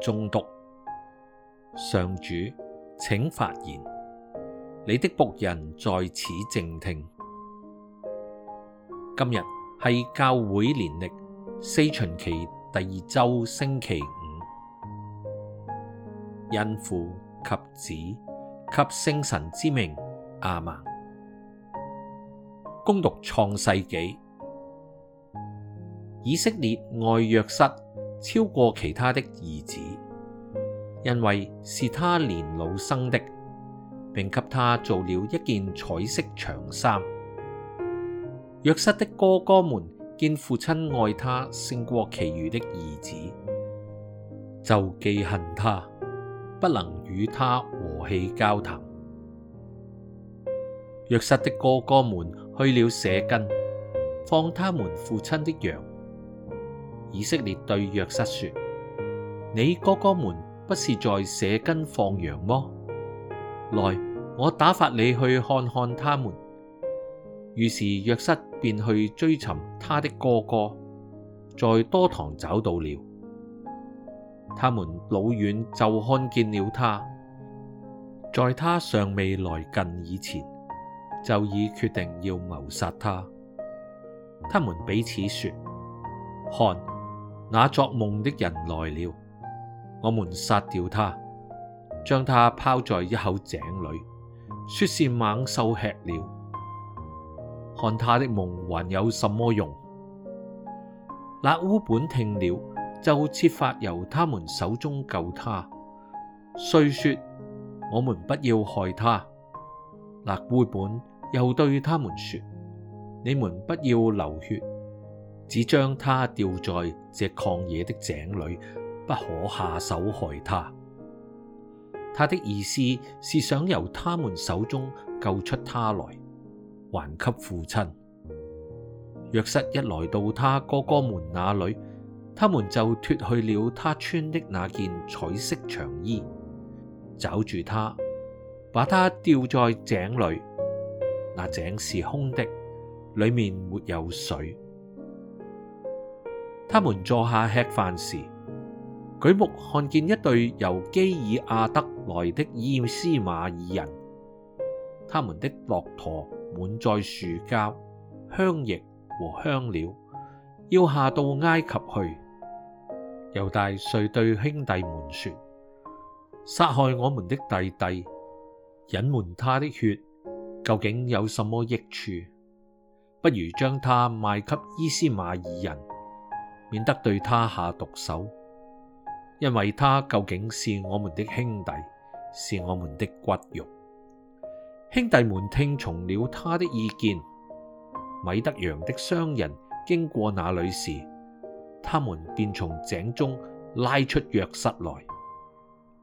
誦讀。上主，請發言，你的僕人在此靜聽。今日係教會年曆四旬期第二周星期五，因父及子及聖神之名，阿們。恭讀創世紀，以色列愛若瑟超過其他的兒子。因為是他年老生的，並給他做了一件彩色長衫。若瑟的哥哥們見父親愛他勝過其餘的兒子，就忌恨他，不能與他和氣交談。若瑟的哥哥們去了舍根，放他們父親的羊。以色列對若瑟說：你哥哥們。不是在舍根放羊麼？來，我打發你去看看他們。於是若瑟便去追尋他的哥哥，在多堂找到了。他們老遠就看見了他，在他尚未來近以前，就已決定要謀殺他。他們彼此說：看，那作夢的人來了。我們殺掉他，將他拋在一口井裡，說是猛獸吃了。看他的夢還有什麼用？勒烏本聽了，就設法由他們手中救他。遂說：我們不要害他。勒烏本又對他們說：你們不要流血，只將他丟在這曠野的井裡。不可下手害他。他的意思是想由他們手中救出他來，還給父親。若失一來到他哥哥們那裡，他們就脫去了他穿的那件彩色長衣，抓住他，把他丟在井裡。那井是空的，裏面沒有水。他們坐下吃飯時，舉目看見一隊由基耳阿得來的依巿瑪耳人，他們的駱駝滿載樹膠、香液和香料，要下到埃及去。猶大遂對兄弟們說：殺害我們的弟弟，隱瞞他的血，究竟有什麼益處？不如將他賣給依巿瑪耳人，免得對他下毒手。因為他究竟是我們的兄弟，是我們的骨肉。兄弟們聽從了他的意見。米德揚的商人經過那裡時，他們便從井中拉出若瑟來，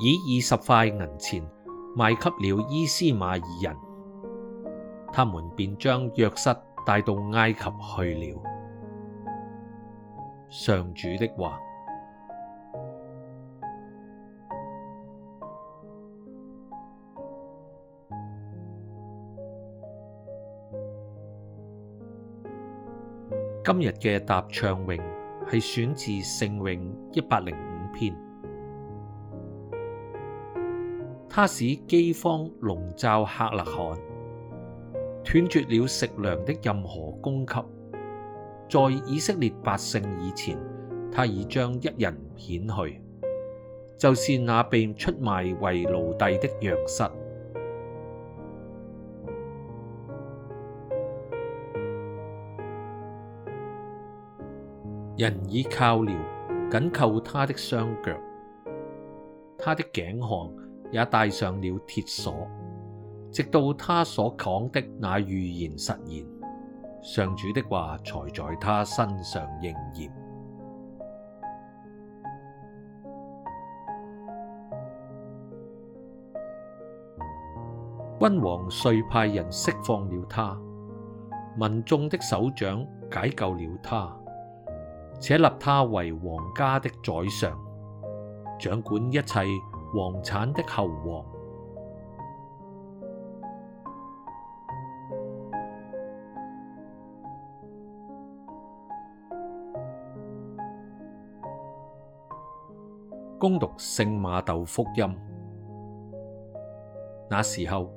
以二十塊銀錢賣給了依巿瑪耳人。他們便將若瑟帶到埃及去了。上主的話。今日嘅答唱詠係選自聖詠一百零五篇。他使饑荒籠罩客納罕，斷絕了食糧的任何供給，在以色列百姓以前，他已將一人遣去，就是那被出賣為奴隸的若瑟。人以銬鐐緊扣他的雙腳，他的頸項也戴上了鐵鎖，直到他所講的那預言實現，上主的話才在他身上應驗。君王遂派人釋放了他，民眾的首長解救了他。且立他為皇家的宰相，掌管一切皇產的侯王。恭讀《聖瑪竇福音》，那時候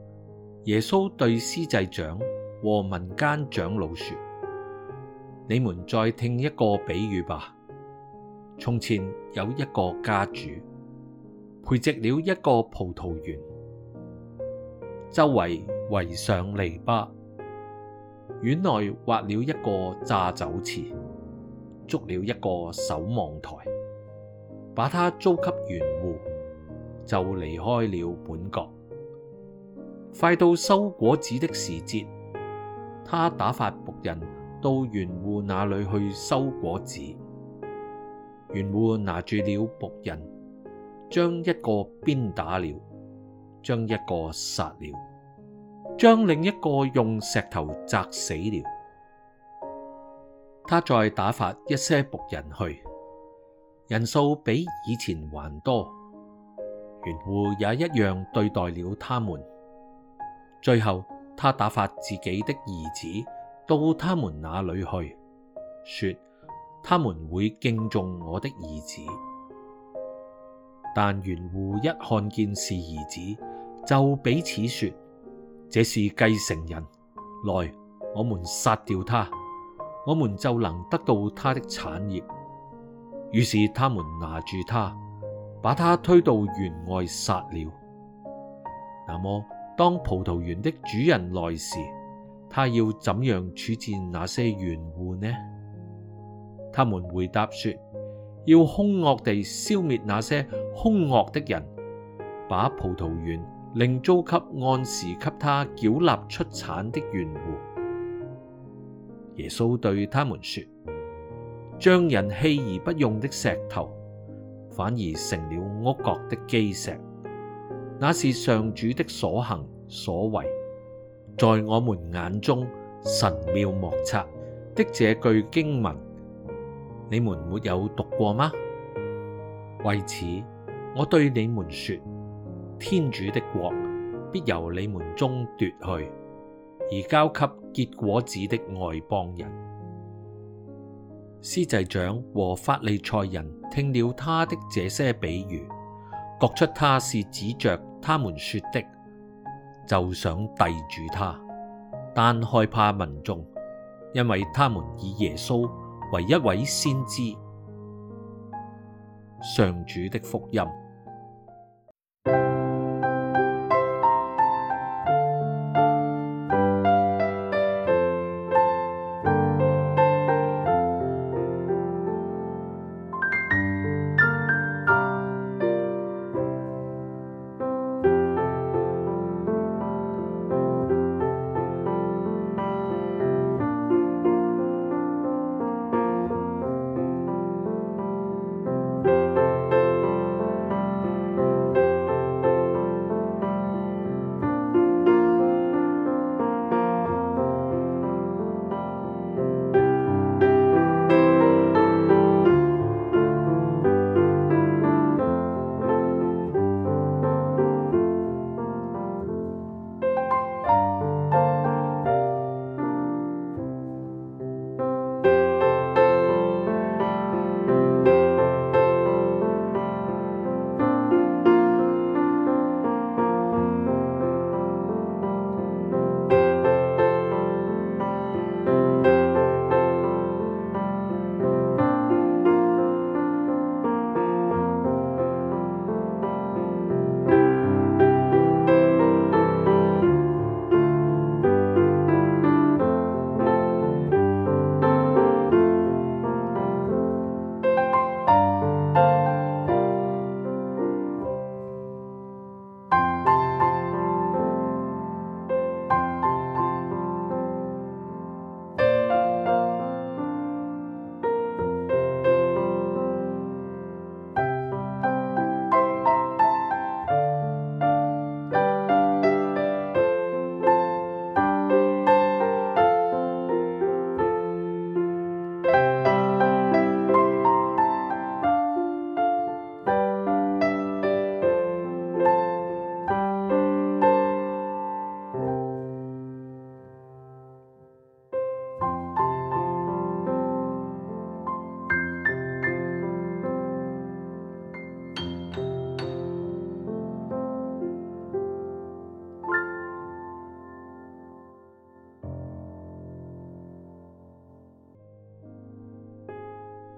耶穌對司祭長和民間長老說。你們再聽一個比喻吧。從前有一個家主，培植了一個葡萄園，周圍圍上籬笆，園內挖了一個榨酒池，築了一個守望台，把它租給園戶，就離開了本國。快到收果子的時節，他打發僕人。到園戶那裡去收果子，園戶拿住了僕人，將一個鞭打了，將一個殺了，將另一個用石頭砸死了。他再打發一些僕人去，人數比以前還多，園戶也一樣對待了他們。最後，他打發自己的兒子。到他們那裏去，說他們會敬重我的兒子。但園戶一看見是兒子，就彼此說：這是繼承人，來，我們殺掉他，我們就能得到他的產業。於是他們拿住他，把他推到園外殺了。那麼，當葡萄園的主人來時，他要怎樣處置那些園戶呢？他們回答說：要凶惡地消滅那些凶惡的人，把葡萄園另租給按時給他繳納出產的園戶。耶穌對他們說：匠人棄而不用的石頭，反而成了屋角的基石，那是上主的所行所為。在我們眼中，神妙莫測的這句經文，你們沒有讀過嗎？為此，我對你們說：天主的國必由你們中奪去，而交給結果子的外邦人。司祭長和法利塞人聽了他的這些比喻，覺出他是指着他們說的。就想逮住他，但害怕民眾，因為他們以耶穌為一位先知，上主的福音。